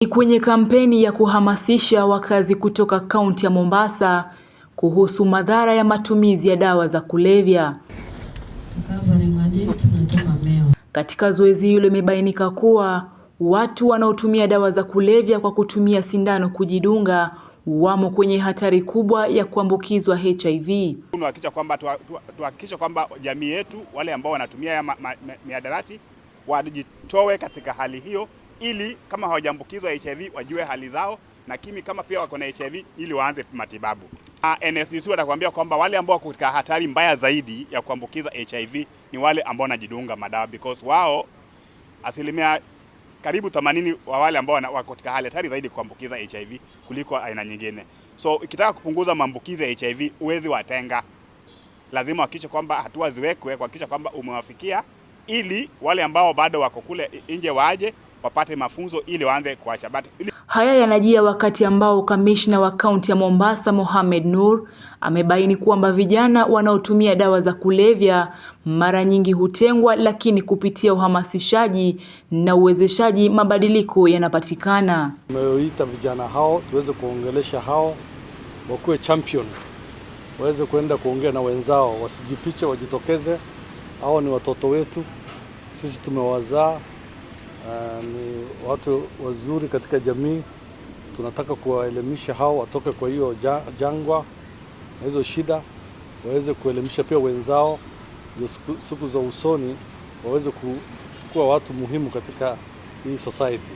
Ni kwenye kampeni ya kuhamasisha wakazi kutoka kaunti ya Mombasa kuhusu madhara ya matumizi ya dawa za kulevya. Katika zoezi hilo imebainika kuwa watu wanaotumia dawa za kulevya kwa kutumia sindano kujidunga wamo kwenye hatari kubwa ya kuambukizwa HIV. Tunahakikisha kwamba tuhakikishe kwamba jamii yetu wale ambao wanatumia miadarati wajitoe katika hali hiyo ili kama hawajaambukizwa HIV wajue hali zao, na kimi kama pia wako na HIV ili waanze matibabu. Ah, NSDC watakwambia kwamba wale ambao wako katika hatari mbaya zaidi ya kuambukiza HIV ni wale ambao wanajidunga madawa because wao asilimia karibu 80 wa wale ambao wako katika hali hatari zaidi kuambukiza HIV kuliko aina nyingine. So ikitaka kupunguza maambukizi ya HIV uwezi watenga, lazima hakikishe kwamba hatua ziwekwe kuhakikisha kwamba umewafikia, ili wale ambao bado wako kule nje waje wapate mafunzo ili waanze kuacha bati. Haya yanajia wakati ambao kamishna wa kaunti ya Mombasa Mohamed Nur amebaini kwamba vijana wanaotumia dawa za kulevya mara nyingi hutengwa, lakini kupitia uhamasishaji na uwezeshaji mabadiliko yanapatikana. Tumeoita vijana hao tuweze kuongelesha hao wakuwe champion, waweze kuenda kuongea na wenzao, wasijifiche, wajitokeze. Hao ni watoto wetu, sisi tumewazaa ni watu wazuri katika jamii. Tunataka kuwaelimisha hao watoke kwa hiyo jangwa na hizo shida, waweze kuelimisha pia wenzao, ndio siku, siku za usoni waweze kuwa watu muhimu katika hii society.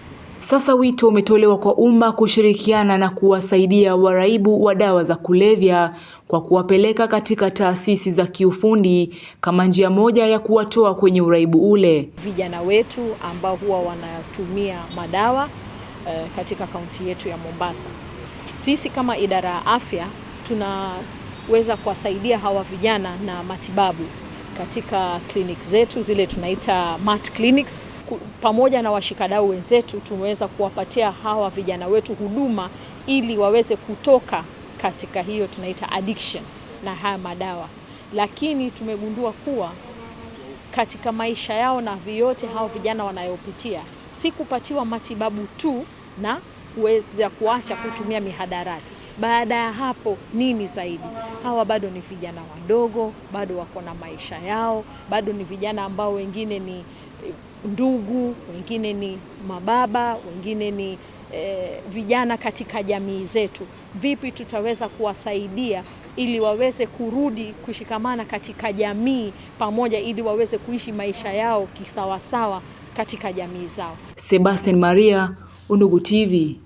Sasa wito umetolewa kwa umma kushirikiana na kuwasaidia waraibu wa dawa za kulevya kwa kuwapeleka katika taasisi za kiufundi kama njia moja ya kuwatoa kwenye uraibu ule. Vijana wetu ambao huwa wanatumia madawa eh, katika kaunti yetu ya Mombasa. Sisi kama idara ya afya tunaweza kuwasaidia hawa vijana na matibabu katika kliniki zetu zile tunaita mat clinics pamoja na washikadau wenzetu tumeweza kuwapatia hawa vijana wetu huduma ili waweze kutoka katika hiyo tunaita addiction na haya madawa, lakini tumegundua kuwa katika maisha yao na vyote hao vijana wanayopitia si kupatiwa matibabu tu na kuweza kuacha kutumia mihadarati. Baada ya hapo nini zaidi? Hawa bado ni vijana wadogo, bado wako na maisha yao, bado ni vijana ambao wengine ni ndugu, wengine ni mababa, wengine ni e, vijana katika jamii zetu. Vipi tutaweza kuwasaidia ili waweze kurudi kushikamana katika jamii pamoja, ili waweze kuishi maisha yao kisawasawa katika jamii zao. Sebastian Maria, Undugu TV.